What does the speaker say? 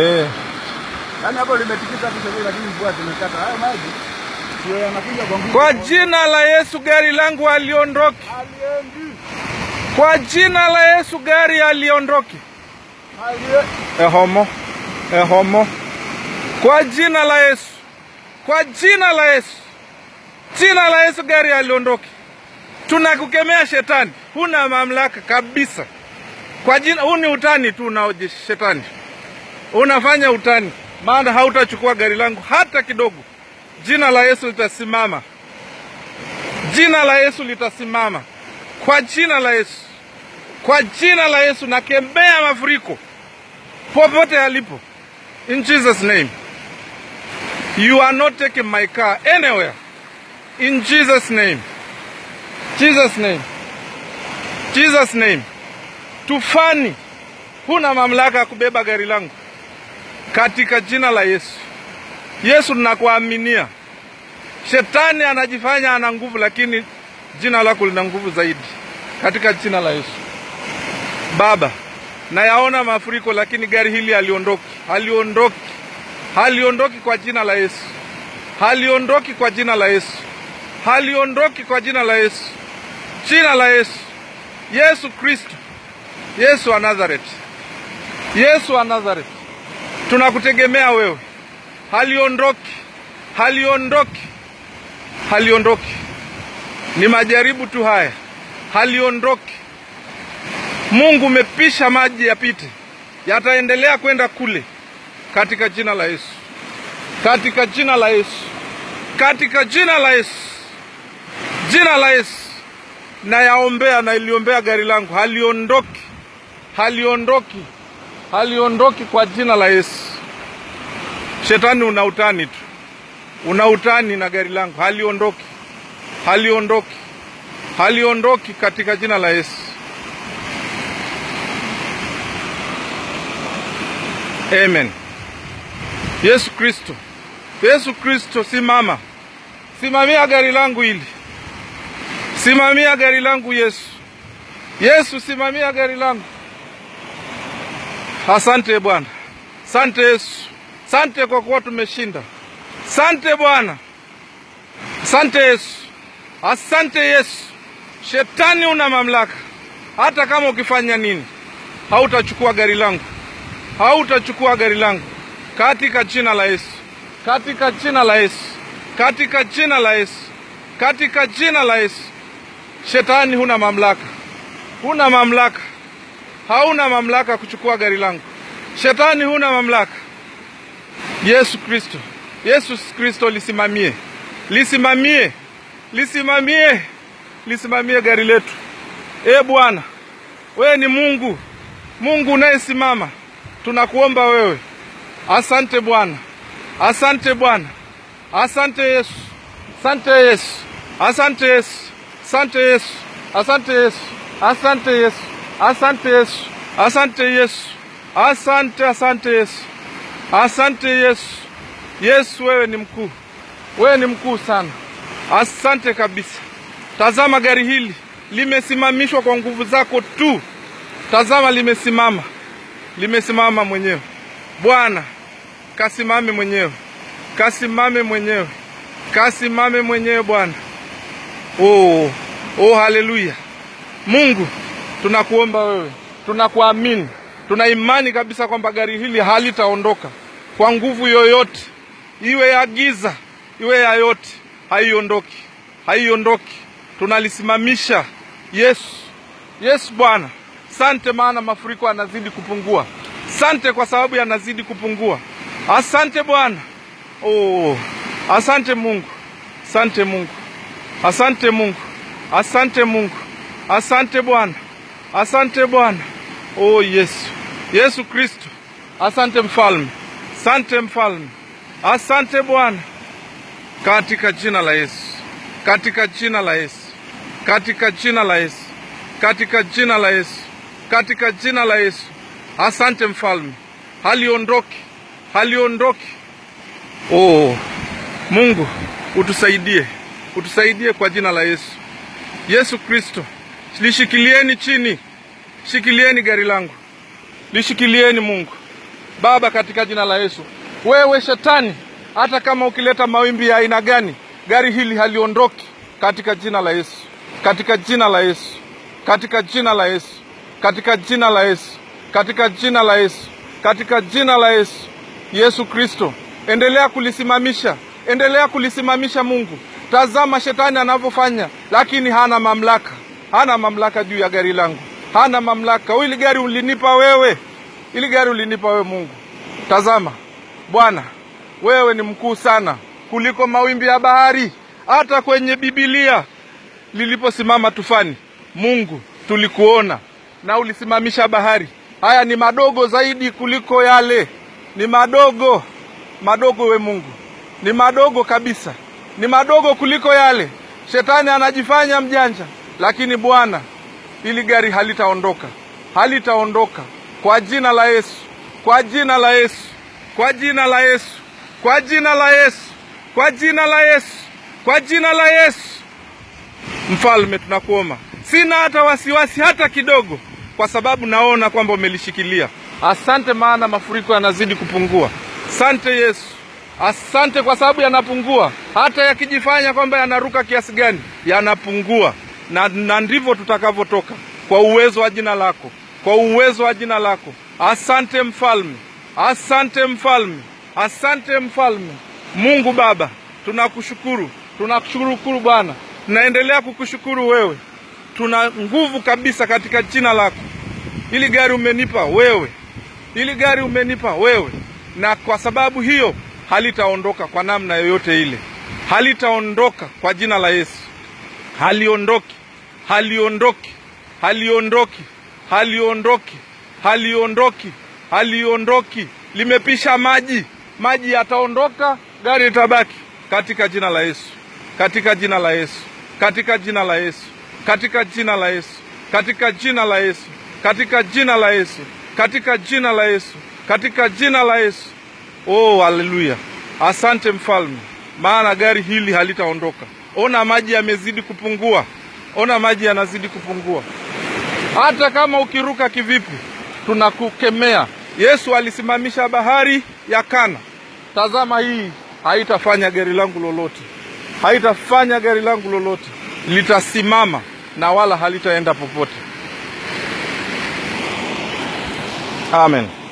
eh. Yaani hapo limetikisa lakini mvua zimekata hayo maji sio yanakuja kwa nguvu. Kwa jina la Yesu gari langu aliondoke. aliendi. Kwa jina la Yesu gari aliondoki, alie ehomo ehomo. Kwa jina la Yesu, kwa jina la Yesu, jina la Yesu gari aliondoki. Tunakukemea shetani, huna mamlaka kabisa. Kwa jina, huu ni utani tu unaoje shetani Unafanya utani, maana hautachukua gari langu hata kidogo. Jina la Yesu litasimama, jina la Yesu litasimama, kwa jina la Yesu, kwa jina la Yesu. Nakemea mafuriko popote yalipo, in Jesus name. You are not taking my car anywhere, in Jesus name, Jesus name, Jesus name. Tufani, huna mamlaka ya kubeba gari langu katika jina la Yesu. Yesu, ninakuaminia. Shetani anajifanya ana nguvu, lakini jina lako lina nguvu zaidi, katika jina la Yesu. Baba, nayaona mafuriko, lakini gari hili haliondoki, haliondoki, haliondoki kwa jina la Yesu, haliondoki kwa jina la Yesu, haliondoki kwa jina la Yesu, jina la Yesu, Yesu Kristo, Yesu wa Nazareti, Yesu wa Nazareti tunakutegemea wewe, haliondoki, haliondoki, haliondoki. Ni majaribu tu haya, haliondoki. Mungu umepisha maji yapite, yataendelea kwenda kule, katika jina la Yesu, katika jina la Yesu, katika jina la Yesu, jina la Yesu. Na yaombea na iliombea gari langu, haliondoki, haliondoki haliondoki kwa jina la Yesu. Shetani una utani tu, una utani na gari langu, haliondoki, haliondoki, haliondoki katika jina la Yesu. Amen. Yesu Kristo, Yesu Kristo, simama, simamia gari langu hili, simamia gari langu Yesu, Yesu, simamia gari langu. Asante Bwana, asante Yesu, asante kwa kuwa tumeshinda. Asante Bwana, asante Yesu, asante Yesu. Shetani una mamlaka, hata kama ukifanya nini hautachukua gari langu, hautachukua gari langu katika jina la Yesu, katika jina la Yesu, katika jina la Yesu, katika jina la Yesu. Shetani huna mamlaka, huna mamlaka hauna mamlaka kuchukua gari langu. Shetani, huna mamlaka. Yesu Kristo, Yesu Kristo, lisimamie, lisimamie, lisimamie, lisimamie gari letu. E Bwana, wewe ni Mungu, Mungu unayesimama, tunakuomba wewe. Asante Bwana, asante Bwana, asante Yesu, asante Yesu, asante Yesu, asante Yesu, asante Yesu, asante Yesu. Asante Yesu, asante Yesu, asante asante Yesu, asante Yesu. Yesu, wewe ni mkuu, wewe ni mkuu sana. Asante kabisa. Tazama gari hili limesimamishwa kwa nguvu zako tu. Tazama limesimama, limesimama mwenyewe. Bwana, kasimame mwenyewe, kasimame mwenyewe, kasimame mwenyewe Bwana. Oh, oh, haleluya Mungu tunakuomba wewe, tunakuamini, tuna imani kabisa kwamba gari hili halitaondoka kwa nguvu yoyote, iwe ya giza iwe ya yote, haiondoki, haiondoki. Tunalisimamisha. Yesu, Yesu Bwana, sante, maana mafuriko yanazidi kupungua. Sante kwa sababu yanazidi kupungua. Asante Bwana. Oh, asante Mungu, asante Mungu, asante Mungu, asante Mungu, asante Bwana. Asante Bwana. Oh Yesu, Yesu Kristo, asante mfalme, asante mfalme, asante Bwana, katika jina la Yesu, katika jina la Yesu, katika jina la Yesu, katika jina la Yesu, katika jina la Yesu. Asante mfalme, haliondoki, haliondoki. Oh Mungu, utusaidie, utusaidie kwa jina la Yesu, Yesu Kristo lishikilieni chini, shikilieni gari langu, lishikilieni Mungu Baba, katika jina la Yesu. Wewe shetani, hata kama ukileta mawimbi ya aina gani, gari hili haliondoki katika jina la Yesu, katika jina la Yesu, katika jina la Yesu, katika jina la Yesu, katika jina la Yesu, katika jina la Yesu. Yesu Kristo, endelea kulisimamisha, endelea kulisimamisha Mungu. Tazama shetani anavyofanya, lakini hana mamlaka hana mamlaka juu ya gari langu, hana mamlaka. Ili gari ulinipa wewe, ili gari ulinipa wewe Mungu. Tazama Bwana, wewe ni mkuu sana kuliko mawimbi ya bahari. Hata kwenye Bibilia liliposimama tufani, Mungu tulikuona na ulisimamisha bahari. Haya ni madogo zaidi kuliko yale, ni madogo madogo, we Mungu ni madogo kabisa, ni madogo kuliko yale. Shetani anajifanya mjanja. Lakini Bwana, hili gari halitaondoka, halitaondoka kwa jina la Yesu, kwa jina la Yesu, kwa jina la Yesu, kwa jina la Yesu, kwa jina la Yesu, kwa jina la Yesu. Mfalme, tunakuomba, sina hata wasiwasi hata kidogo, kwa sababu naona kwamba umelishikilia. Asante, maana mafuriko yanazidi kupungua. Asante Yesu, asante kwa sababu yanapungua. Hata yakijifanya kwamba yanaruka kiasi gani, yanapungua na, na ndivyo tutakavyotoka kwa uwezo wa jina lako, kwa uwezo wa jina lako. Asante mfalme, asante mfalme, asante mfalme. Mungu Baba, tunakushukuru, tunakushukuru Bwana, tunaendelea kukushukuru wewe. Tuna nguvu kabisa katika jina lako. ili gari umenipa wewe, ili gari umenipa wewe, na kwa sababu hiyo halitaondoka kwa namna yoyote ile, halitaondoka kwa jina la Yesu haliondoki, haliondoki, haliondoki, haliondoki, haliondoki, haliondoki, limepisha maji. Maji yataondoka, gari itabaki, katika jina la Yesu, katika jina la Yesu, katika jina la Yesu, katika jina la Yesu, katika jina la Yesu, katika jina la Yesu, katika jina la Yesu, katika jina la Yesu. Oh, haleluya! Asante mfalme, maana gari hili halitaondoka ona maji yamezidi kupungua, ona maji yanazidi kupungua. Hata kama ukiruka kivipi, tunakukemea. Yesu alisimamisha bahari ya Kana. Tazama, hii haitafanya gari langu lolote, haitafanya gari langu lolote, litasimama na wala halitaenda popote. Amen.